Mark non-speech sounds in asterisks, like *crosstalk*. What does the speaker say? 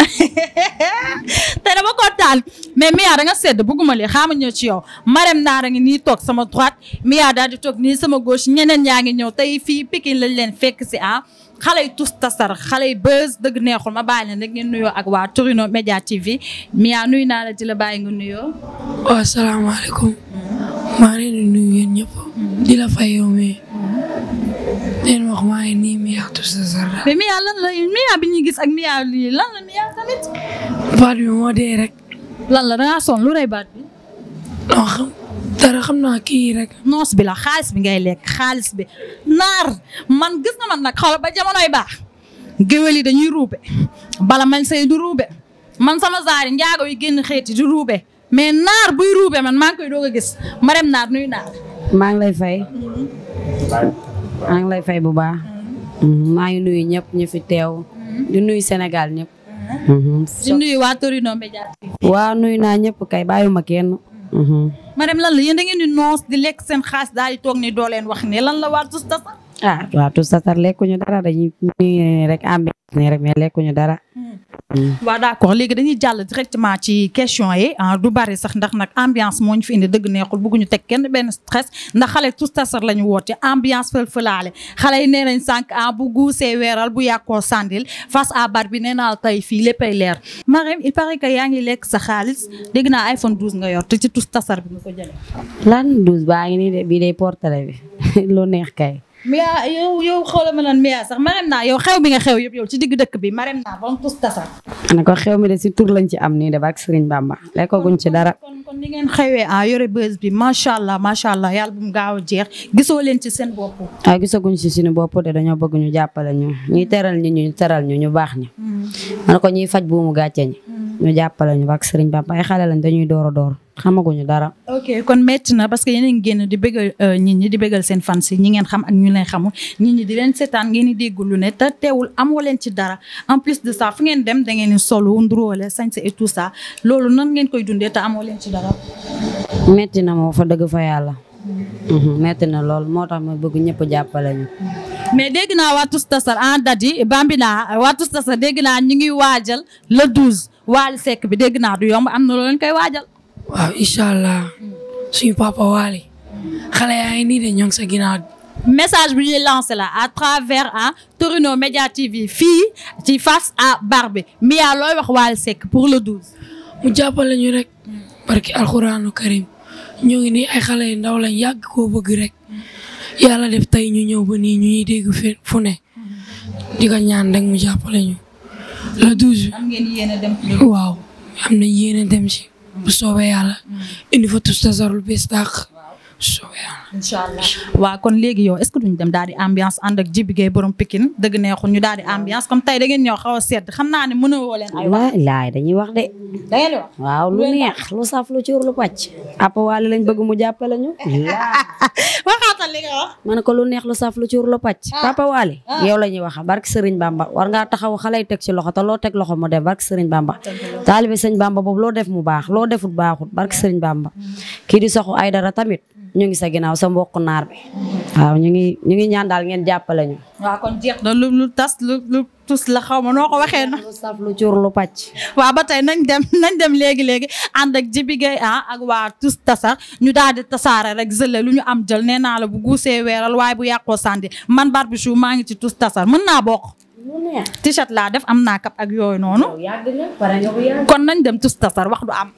*laughs* te dama kontaan mais Mia da nga sedd bëgguma lii xaama ñëw ci yow Marème naar ngi nii toog sama droite Mia daal di nii sama gauche ñeneen yaa ngi ñëw tey fii Pikine lañ leen fekk si ah xale yi tous tasar xale yi bës dëgg neexul ma bàyyi leen rek ngeen nuyoo ak waa Torino Media TV Mia nuyu naa la di la bàyyi nga nuyoo. waaw salaamaaleykum. maa ngi leen di nuyu yéen leen bi ñuy gis ak Mia lii lan la Mia tamit. baat bi moo da ngaa sonn lu rey baat bi. xam dara kii rek. noos bi la xaalis bi ngay lekk xaalis bi naar man gis na man nag xool ba jamonoy baax. yi dañuy ruube bala mañ sey du ruube man sama zaari njaago yi génn xeeti du ruube mais naar buy ruube man maa ngi koy gis ma dem naar nuy naar. maa ngi lay fay. Mm-hmm. maa ngi lay fay bu baax. Mm-hmm. maa ngi nuyu ñëpp ñu fi teew. Mm-hmm. di nuyu Sénégal ñëpp. Mm-hmm. di nuyu waa Torino waa nuyu naa ñëpp kay bàyyuma kenn. madame lan la yéen da ngeen di lekk seen xaas daal di toog ni doo wax ne la waa Zouzta ah waaw tout lekkuñu dara dañuy rek ambi rek lekkuñu dara. Hmm. Hmm. waaw d'accord léegi dañuy jàll directement ci question yi ah, du bari sax ndax nag ambiance moo ñu fi indi dëgg neexul bëgguñu teg kenn benn stress ndax xale tout tasar lañu woote ambiance fël-fëlaale xale yi nee nañ sànq ah bu guusee weeral bu yàqoo sàndil face à bar bi nee naa tey fii léppay leer. Marème il paraît que yaa ngi lekk sa xaalis dégg naa iPhone 12 nga yor ti ci tout tasar bi nga ko jëlee. lan 12 baa ngi nii de bii day portale bi loo *laughs* neex kay. Mia yow yow xoolal ma lan Mia sax naa yow xew bi nga xew yëpp yow ci digg dëkk bi marem naa ba mu tus tasa. ne ko xew mi de si tur lañ ci am nii de barke Serigne Bamba lekkaguñ ci dara. kon ngeen xewee ah yore bës bi macha allah macha allah yàlla bu mu gaaw a jeex gisoo leen ci seen bopp. ah gisaguñ ci suñu bopp de dañoo bëgg ñu jàppale ñu ñuy teral ñu ñu teral ñu ñu baax ñu. man hmm. ko ñuy faj buumu gàcce ñi. ñu jàppale ñu wax sëriñ Bamba ay xale lañ dañuy door a door xamaguñu dara. ok kon métti na parce que yéen a di bëggal euh, seen fans yi ñi ngeen xam ak ñu leen xamul nit di leen seetaan ngeen dégg lu ne te teewul amoo leen ci dara en plus da ngeen di solo nduroole sañse et tout ça loolu nan ngeen mhm, na lool moo tax ma bëgg ñëpp jàppale ñu. mais dégg naa waa ah, Bambina waa Tous Tasar dégg naa ñu ngi waajal le 12. Waly Seck bi dégg naa du yomb am na loo leen koy waajal. waaw incha allah suñu papa Waly xale yaa ngi nii de ñoo ngi sa ginnaaw. message bi ñuy lancé la à travers à Torino Media fii ci face à Barbé Mia looy wax waal sekk pour le 12. mu jàppale ñu rek. barki alxuraanu karim ñoo ngi nii ay xale yu ndaw lañ yàgg koo bëgg rek. def tey ñu ñëw ba nii ñuy dégg fu ne. di ko ñaan rek mu jàppale ñu. لا دوزو واو incha allah waaw kon léegi yow est-ce que dem daal di ambiance ànd ak Djiby Gueye borom Pikine dëgg neexul ñu daal di ambiance comme tey da ngeen ñëw xaw a sedd xam naa ne mën a woo leen ay wax dañuy wax de waaw lu neex lu saf lu cuur lu pàcc app waale lañ bëgg mu jàppale ñu *laughs* waxaatal li nga ko lu neex lu saf lu cuur lu pàcc ah. papa waale ah. yow la ñuy wax barke Serigne Bamba war ngaa taxaw xale yi teg ci loxo te loo teg loxo mu def barke Serigne Bamba taalibe sëñ Bamba boobu loo def mu baax loo defut baaxut barke sëñ Bamba kii di soxu ay dara tamit ñu ngi sa ginaaw sa mbokk naar bi waaw ñu ngi ñu ngi ñaan daal ngeen jàppale ñu. waaw kon lu tas lu tus la xaw ma noo ko waxee na lu saf lu cuur waaw ba tey nañ dem nañ dem léegi léegi ànd ak Jibi Gueye ah, ak waa tus tasax ñu daal di tasaare rek jële lu ñu am jël nee naa la bu guusee weeral waaye bu yàqoo sànni man Barbichou maa ngi ci tus tasax mën naa bokk. t laa def am naa kap ak yooyu noonu. kon nañ dem tus wax du am.